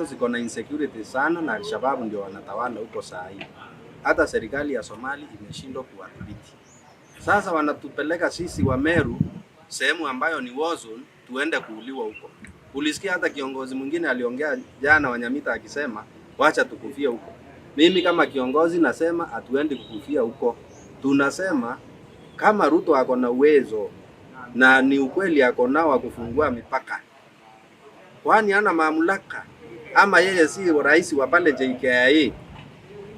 ambazo ziko na insecurity sana na Alshababu ndio wanatawala huko saa hii. Hata serikali ya Somali imeshindwa kuwadhibiti. Sasa wanatupeleka sisi wa Meru sehemu ambayo ni war zone, tuende kuuliwa huko. Ulisikia hata kiongozi mwingine aliongea jana Wanyamita akisema wacha tukufia huko. Mimi kama kiongozi nasema hatuendi kukufia huko, tunasema kama Ruto ako na uwezo na ni ukweli ako nao wa kufungua mipaka, kwani ana mamlaka ama yeye si rais wa pale JKIA,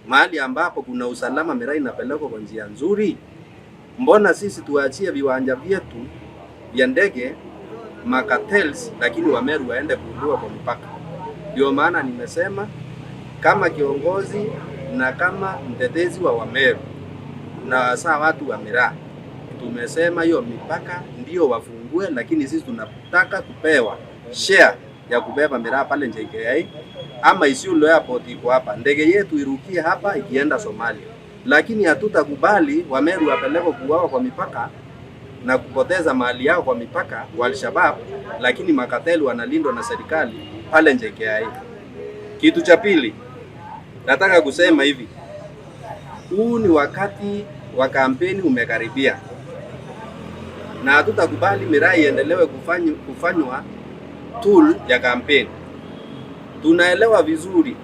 mahali ambapo kuna usalama, miraa inapelekwa kwa njia nzuri. Mbona sisi tuachie viwanja vyetu vya ndege makatels, lakini Wameru waende kuundua kwa mpaka? Ndio maana nimesema kama kiongozi na kama mtetezi wa Wameru na wasaa watu wa miraa tumesema hiyo mipaka ndio wafungue, lakini sisi tunataka kupewa share ya kubeba miraa pale Njengerai ama Isiolo Airport iko hapa, ndege yetu irukie hapa ikienda Somalia, lakini hatutakubali Wameru wapelekwe kuuawa kwa mipaka na kupoteza mali yao kwa mipaka wa Alshabab, lakini makateli wanalindwa na serikali pale Njengerai. Kitu cha pili nataka kusema hivi, huu ni wakati wa kampeni umekaribia, na hatutakubali miraa iendelewe kufanywa tool ah. ya kampeni. Tunaelewa vizuri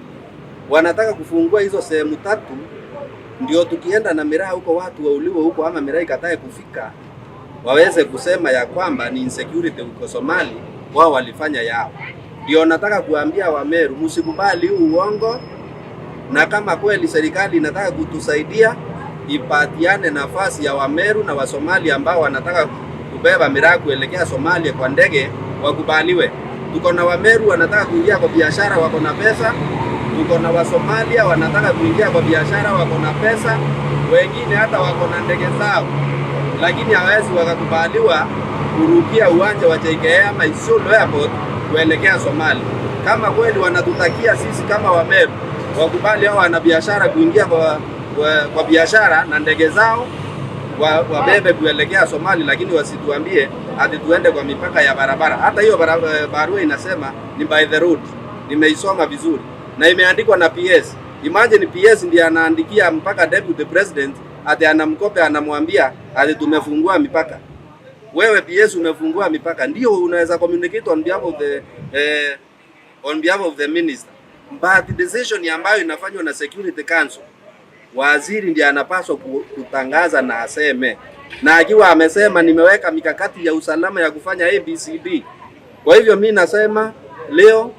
wanataka kufungua hizo sehemu tatu, ndio tukienda na miraa huko watu wauliwe huko, ama miraa ikatae kufika, waweze kusema ya kwamba ni insecurity huko Somali, wao walifanya yao. Ndio nataka kuambia Wameru, msikubali huu uongo, na kama kweli serikali inataka kutusaidia ipatiane nafasi ya Wameru na Wasomali ambao wanataka kubeba miraa kuelekea Somalia kwa ndege wakubaliwe. Tuko na Wameru wanataka kuingia kwa biashara, wako na pesa. Tuko na Wasomalia wanataka kuingia kwa biashara, wako na pesa. Wengine hata wako na ndege zao, lakini hawezi wakakubaliwa kurukia uwanja wa JKIA ama Isiolo Airport kuelekea Somali. Kama kweli wanatutakia sisi kama Wameru, wakubali hao wanabiashara kuingia kwa, kwa, kwa biashara na ndege zao wabebe wa kuelekea Somali, lakini wasituambie ati tuende kwa mipaka ya barabara. Hata hiyo eh, barua inasema ni by the road, nimeisoma vizuri na imeandikwa na PS. Imagine PS ndiye anaandikia mpaka deputy president ati anamkope, anamwambia ati tumefungua mipaka. Wewe PS umefungua mipaka, ndio unaweza communicate on behalf of the eh, on behalf of the minister, but decision ambayo inafanywa na Security Council, waziri ndiye anapaswa kutangaza na aseme na akiwa amesema nimeweka mikakati ya usalama ya kufanya ABCD. Kwa hivyo mi nasema leo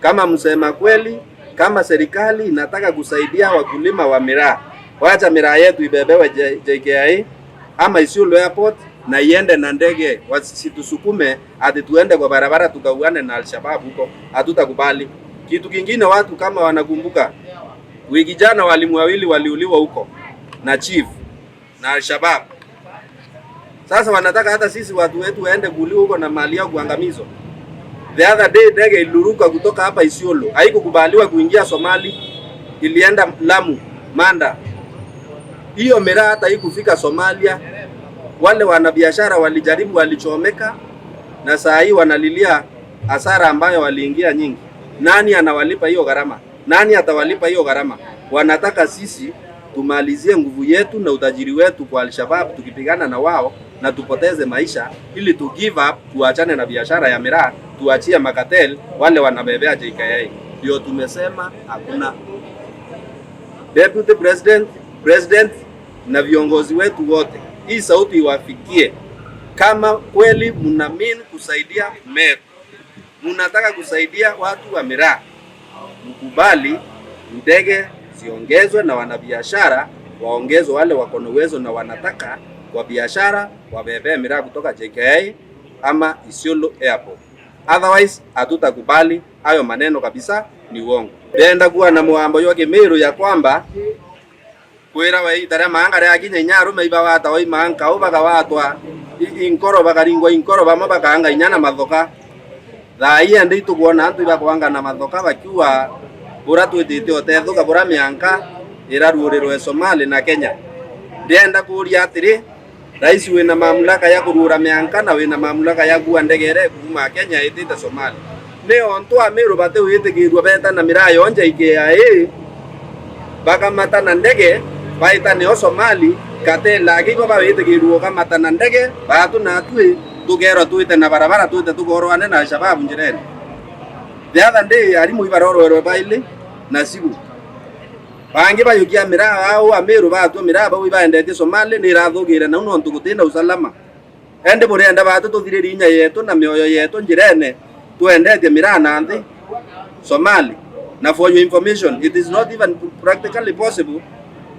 kama msema kweli, kama serikali inataka kusaidia wakulima wa miraa, wacha miraa yetu ibebewe JKIA ama Isiolo Airport na iende na ndege, wasitusukume ati tuende kwa barabara tukauane na Alshabab huko, hatutakubali. Kitu kingine, watu kama wanakumbuka, wiki jana walimu wawili waliuliwa huko na chief na Alshabab. Sasa wanataka hata sisi watu wetu waende kuliwa huko na mali yao kuangamizwa. The other day ndege iliruka kutoka hapa Isiolo, haikukubaliwa kuingia Somali, ilienda Lamu, Manda. Hiyo miraa hata haikufika Somalia. Wale wanabiashara walijaribu, walichomeka na saa hii wanalilia hasara ambayo waliingia nyingi. Nani anawalipa hiyo gharama? Nani atawalipa hiyo gharama? Wanataka sisi tumalizie nguvu yetu na utajiri wetu kwa Alshabab tukipigana na wao na tupoteze maisha ili tu give up, tuachane na biashara ya miraa, tuachie makatel wale wanabebea JKA. Ndio tumesema hakuna deputy president, president na viongozi wetu wote, hii sauti iwafikie. Kama kweli mnaamini kusaidia Meru, mnataka kusaidia watu wa miraa, mkubali ndege ziongezwe na wanabiashara waongezwe, wale wako na uwezo na wanataka kwa biashara wabebe miraa kutoka JKA ama Isiolo Airport. Otherwise hatutakubali hayo maneno kabisa, ni uongo. Ndenda kuwa na mwambo yoke meru ya kwamba kwira wa itare maanga ya nyaru meiba wata oi maanga ubaga watwa inkoro bakaringwa inkoro bama bakaanga inyana mathoka thaia ndi tukuona antu kuanga na mathoka bakiwa bura twitite otethuka bura mianka iraruurirwe Somali na Kenya ndienda kuria atiri Rais wina mamlaka ya kurura mianka na wina mamlaka ya kuua ndegere kuuma Kenya itite Somalia ni ontu amiru bate witikirwe betana mirayo nja ikiae bakamata na ndege baitanio Somali kate lagi ko ka mata na ndege batu gero tu ite na barabara tuite ane na shababu njirene the other day arimu ibarorwerwe baile na sibu bangi bayukiamira ao ameru batumira aba wi baendete somali ni nirathugira nau nontu gutina usalama ende endi burenda batu tuthiriri inya yetu na mioyo yetu njirene tuendetie mirana nthi somali na for your information it is not even practically possible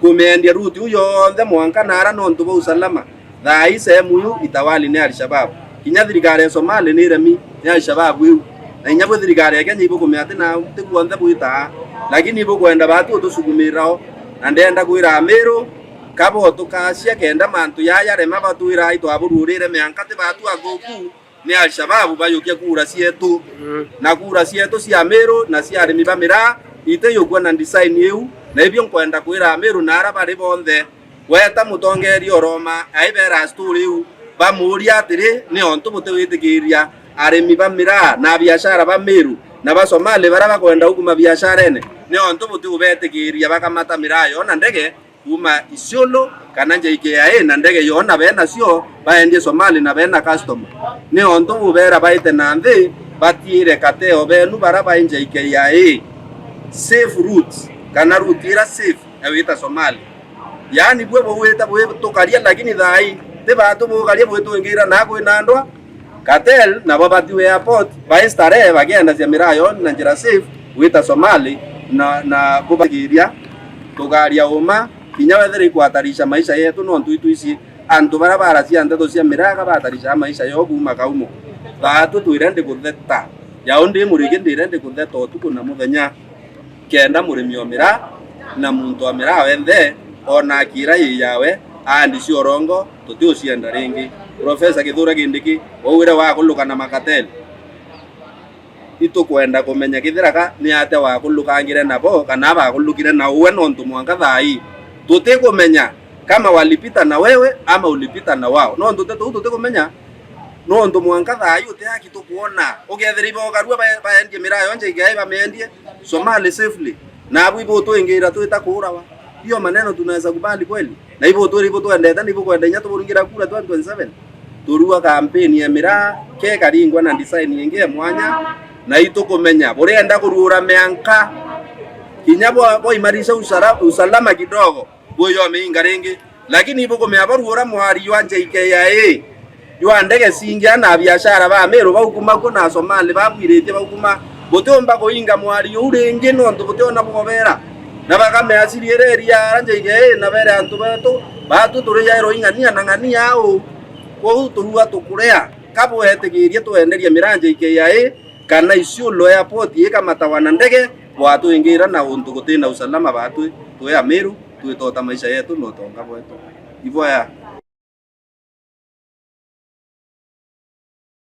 kumiendia ruti uyo yonthe mwanka nara nontu ba usalama thaai sehemu iu itawali ni alshabab kinya thirikari ya somali ni iremi ni alshabab iu na inya bwi thirikari ya kenya ibukumia ati na tiguonthe bwitaa lakini kwenda batu tusugumirao na ndenda kwira miru kabo tukacia kenda mantu rema ira ito itwabururire miankati batu agoku ni alshababu bayukia kura sietu mm. na kura sietu si miru na si arimi ba ite iteyukua na design yu na ibio nkwenda kwira miru na ara bari bonthe weta mutongeri oroma aibera story iu bamuria atiri ni ontu butiwitikiria arimi ba miraa na biashara ba miru na ba basomali baria bakwenda huku mabiasharene ni ontu butiu betikiria bakamata miraa na ndege kuma Isiolo kana JKIA na ndege yona benacio baendie somali na bena customer ni ontu bubera baite na nthi batire kateo benu baria bai JKIA safe routes kana route ira safe ewita somali yani bwe bwita bwe tukaria lakini thai te batu bugaria bwe tuingira na kwina andwa Cartel nabo batiwe airport baistare bagenda cia mirayo na njira safe gwita Somali na na kubagiria tugaria uma kinya wethere kwatarisha maisha yetu no ntu isi antu bara bara cia ndeto cia miraga batarisha maisha yo guma kaumo batu twirende kutheta yao ndi murigi ndirende kutheta utuku na muthenya kenda murimi omira na muntu amira wende ona kira yiyawe andi cio rongo tutiucienda ringi Profesa Kithure Kindiki waugire wakulukana makateni itukwenda kumenya kithiraga ni ate wa na bo kana ba kulukire na uwe no nontu mwanga thai tutikumenya kama walipita na wewe ama ulipita na wao no nontu tetu no nontu mwanga thai utiaki tukuona ba ukarua baendie mirayo nje igai bamiendie Somali safely na abu ibo to ingira twingira twita wa hiyo maneno tunaweza kubali kweli na ibo to ibo to endeta ni ibo kwenda inya burungira kula 2027 turuga kampeni ya miraa ke karingwa na design yenge mwanya na itukumenya burenda kurura meanka kinya bwa bwa imarisha usara, usalama kidogo bwoyo meinga ringi lakini ibo kumya barura mwari wa JKIA ywa ndege singia na biashara ba meru ba ukuma ko na somali ba bwirete ba ukuma botomba kuinga mwari uringi no ndu botona bwobera na bakame asiriereria JKIA na bere antu batu batu turi jairo ingania na ngania au koguo turua tukurea kaba wetigiirie twenderia miranja ikia kana isiolo airport ikamatawa na ndege watwingira na untu gutina usalama batwi twe amiru twitota maisha yetu no tonga bwetu ivoya